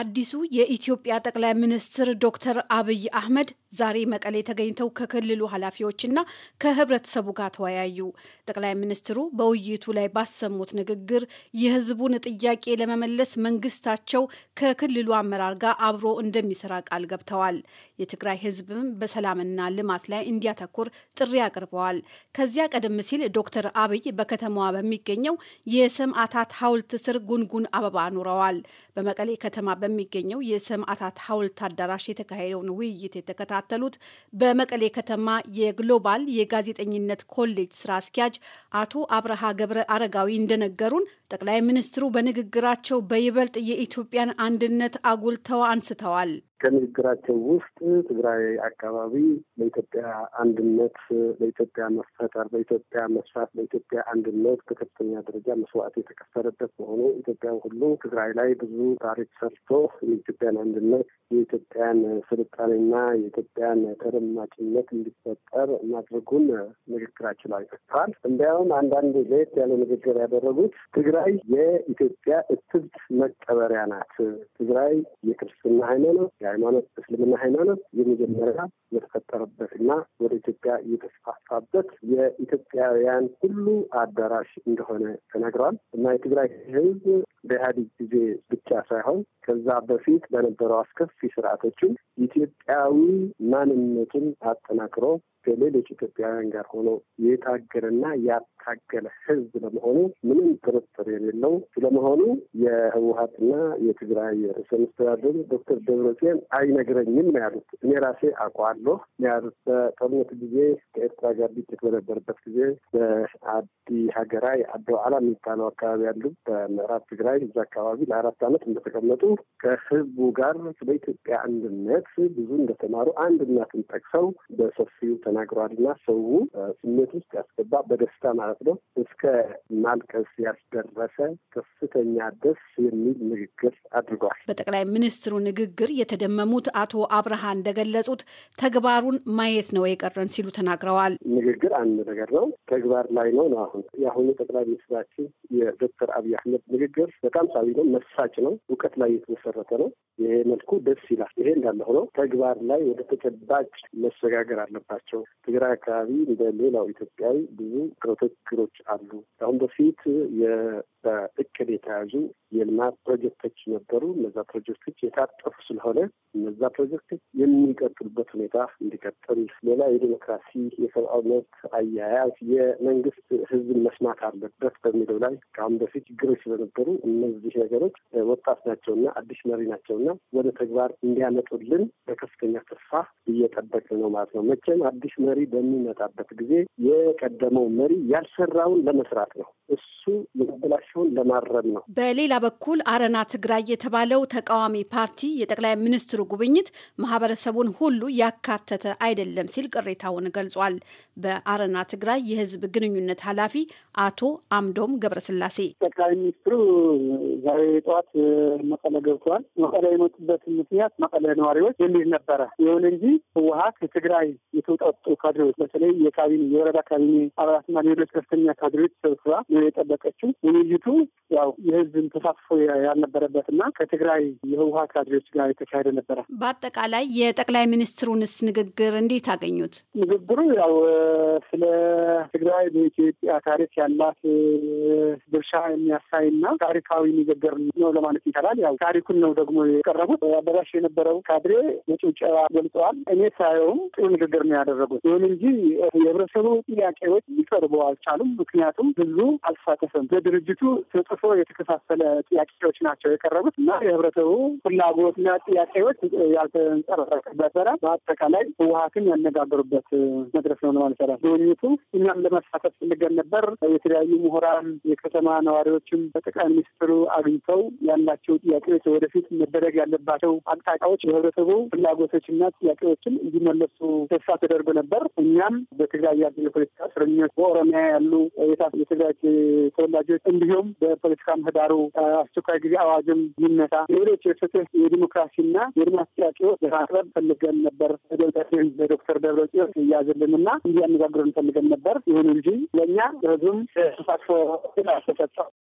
አዲሱ የኢትዮጵያ ጠቅላይ ሚኒስትር ዶክተር አብይ አህመድ ዛሬ መቀሌ ተገኝተው ከክልሉ ኃላፊዎችና ከህብረተሰቡ ጋር ተወያዩ። ጠቅላይ ሚኒስትሩ በውይይቱ ላይ ባሰሙት ንግግር የህዝቡን ጥያቄ ለመመለስ መንግስታቸው ከክልሉ አመራር ጋር አብሮ እንደሚሰራ ቃል ገብተዋል። የትግራይ ህዝብም በሰላምና ልማት ላይ እንዲያተኩር ጥሪ አቅርበዋል። ከዚያ ቀደም ሲል ዶክተር አብይ በከተማዋ በሚገኘው የሰማዕታት ሐውልት ስር ጉንጉን አበባ ኑረዋል። በመቀሌ ከተማ በሚገኘው የሰማዕታት ሐውልት አዳራሽ የተካሄደውን ውይይት የተከታተሉት በመቀሌ ከተማ የግሎባል የጋዜጠኝነት ኮሌጅ ስራ አስኪያጅ አቶ አብርሃ ገብረ አረጋዊ እንደነገሩን ጠቅላይ ሚኒስትሩ በንግግራቸው በይበልጥ የኢትዮጵያን አንድነት አጉልተው አንስተዋል። ከንግግራቸው ውስጥ ትግራይ አካባቢ ለኢትዮጵያ አንድነት፣ ለኢትዮጵያ መፈጠር፣ በኢትዮጵያ መስራት፣ ለኢትዮጵያ አንድነት በከፍተኛ ደረጃ መስዋዕት የተከፈለበት መሆኑ ኢትዮጵያን ሁሉ ትግራይ ላይ ብዙ ታሪክ ሰርቶ የኢትዮጵያን አንድነት የኢትዮጵያን ስልጣኔና የኢትዮጵያን ተደማጭነት እንዲፈጠር ማድረጉን ንግግራቸው ላይ ሰጥተዋል። እንዲያውም አንዳንድ ለየት ያለ ንግግር ያደረጉት ትግራይ የኢትዮጵያ እትብት መቀበሪያ ናት። ትግራይ የክርስትና ሃይማኖት፣ የሃይማኖት እስልምና ሃይማኖት የመጀመሪያ የተፈጠረበትና ወደ ኢትዮጵያ የተስፋፋበት የኢትዮጵያውያን ሁሉ አዳራሽ እንደሆነ ተናግረዋል እና የትግራይ ህዝብ በኢህአዴግ ጊዜ ብቻ ሳይሆን ከዛ በፊት በነበረው አስከፊ ስርዓቶችም ኢትዮጵያዊ ማንነትን አጠናክሮ ከሌሎች ኢትዮጵያውያን ጋር ሆኖ የታገለና ያታገለ ህዝብ ለመሆኑ ምንም ጥርጥር የሌለው ስለመሆኑ የህወሀትና የትግራይ ርዕሰ መስተዳድር ዶክተር ደብረጽዮን አይነግረኝም ያሉት። እኔ ራሴ አውቀዋለሁ ያሉት። በጦርነት ጊዜ ከኤርትራ ጋር ግጭት በነበረበት ጊዜ በአዲ ሀገራ የአዲ የሚባለው አካባቢ ያሉ በምዕራብ ትግራይ እዛ አካባቢ ለአራት ዓመት እንደተቀመጡ ከህዝቡ ጋር ስለ ኢትዮጵያ አንድነት ብዙ እንደተማሩ አንድ እናትን ጠቅሰው በሰፊው ተናግረዋል እና ሰው ስሜት ውስጥ ያስገባ በደስታ ማለት ነው እስከ ማልቀስ ያስደረሰ ከፍተኛ ደስ የሚል ንግግር አድርጓል። በጠቅላይ ሚኒስትሩ ንግግር የተደመሙት አቶ አብርሃ እንደገለጹት ተግባሩን ማየት ነው የቀረን ሲሉ ተናግረዋል። ንግግር አንድ ነገር ነው፣ ተግባር ላይ ነው ነው አሁን የአሁኑ ጠቅላይ ሚኒስትራችን የዶክተር አብይ አህመድ ንግግር በጣም ሳቢ ነው፣ መሳጭ ነው፣ እውቀት ላይ የተመሰረተ ነው። ይሄ መልኩ ደስ ይላል። ይሄ እንዳለ ሆኖ ተግባር ላይ ወደ ተጨባጭ መሸጋገር አለባቸው። ትግራይ አካባቢ እንደ ሌላው ኢትዮጵያዊ ብዙ ፕሮቴክተሮች አሉ። አሁን በፊት በእቅድ የተያዙ የልማት ፕሮጀክቶች ነበሩ። እነዛ ፕሮጀክቶች የታጠፉ ስለሆነ እነዛ ፕሮጀክቶች የሚቀጥሉበት ሁኔታ እንዲቀጥል፣ ሌላ የዲሞክራሲ የሰብአዊ መብት አያያዝ የመንግስት ህዝብን መስማት አለበት በሚለው ላይ ከአሁን በፊት ችግሮች ስለነበሩ እነዚህ ነገሮች ወጣት ናቸውና አዲስ መሪ ናቸውና ወደ ተግባር እንዲያመጡልን በከፍተኛ ተስፋ እየጠበቅን ነው ማለት ነው። መቼም አዲስ አዲስ መሪ በሚመጣበት ጊዜ የቀደመው መሪ ያልሰራውን ለመስራት ነው። እሱ የበላሸውን ለማረም ነው። በሌላ በኩል አረና ትግራይ የተባለው ተቃዋሚ ፓርቲ የጠቅላይ ሚኒስትሩ ጉብኝት ማህበረሰቡን ሁሉ ያካተተ አይደለም ሲል ቅሬታውን ገልጿል። በአረና ትግራይ የህዝብ ግንኙነት ኃላፊ አቶ አምዶም ገብረስላሴ ጠቅላይ ሚኒስትሩ ዛሬ ጠዋት መቀለ ገብተዋል። መቀለ የመጡበት ምክንያት መቀለ ነዋሪዎች የሚል ነበረ። ይሁን እንጂ ህወሀት ከትግራይ የተውጣጡ የወጡ ካድሬዎች በተለይ የካቢኔ የወረዳ ካቢኔ አባላትና ሌሎች ከፍተኛ ካድሬዎች ሰብስባ ነው የጠበቀችው። ውይይቱ ያው የህዝብን ተሳትፎ ያልነበረበትና ከትግራይ የህወሀት ካድሬዎች ጋር የተካሄደ ነበረ። በአጠቃላይ የጠቅላይ ሚኒስትሩንስ ንግግር እንዴት አገኙት? ንግግሩ ያው ስለ ትግራይ በኢትዮጵያ ታሪክ ያላት ድርሻ የሚያሳይና ታሪካዊ ንግግር ነው ለማለት ይቻላል። ያው ታሪኩን ነው ደግሞ የቀረቡት። አዳራሽ የነበረው ካድሬ የጭብጨባ ገልጸዋል። እኔ ሳየውም ጥሩ ንግግር ነው ያደረጉ ፍላጎት። ይሁን እንጂ የህብረተሰቡ ጥያቄዎች ሊቀርቡ አልቻሉም። ምክንያቱም ብዙ አልተሳተፈም። በድርጅቱ ተጽፎ የተከፋፈለ ጥያቄዎች ናቸው የቀረቡት እና የህብረተሰቡ ፍላጎትና ጥያቄዎች ያልተንጸባረቀበት ነበረ። በአጠቃላይ ህወሀትን ያነጋገሩበት መድረክ ነው ለማለት ይቻላል። ጉብኝቱ እኛም ለመሳተፍ ፈልገን ነበር። የተለያዩ ምሁራን፣ የከተማ ነዋሪዎችም በጠቅላይ ሚኒስትሩ አግኝተው ያላቸው ጥያቄዎች ወደፊት መደረግ ያለባቸው አቅጣጫዎች የህብረተሰቡ ፍላጎቶችና ጥያቄዎችን እንዲመለሱ ተስፋ ተደርጎ ነበር። ነበር። እኛም በትግራይ ያሉ የፖለቲካ እስረኞች፣ በኦሮሚያ ያሉ የትግራይ ተወላጆች እንዲሁም በፖለቲካ ምህዳሩ አስቸኳይ ጊዜ አዋጅም ይነሳ፣ ሌሎች የፍትህ የዲሞክራሲና የልማት ጥያቄዎች ለማቅረብ ፈልገን ነበር። ደብዳቤን በዶክተር ደብረጽዮን እያዝልን እና እንዲያነጋግረን ፈልገን ነበር። ይሁን እንጂ ለእኛ ህዝብም ተሳትፎ ስላልተሰጠው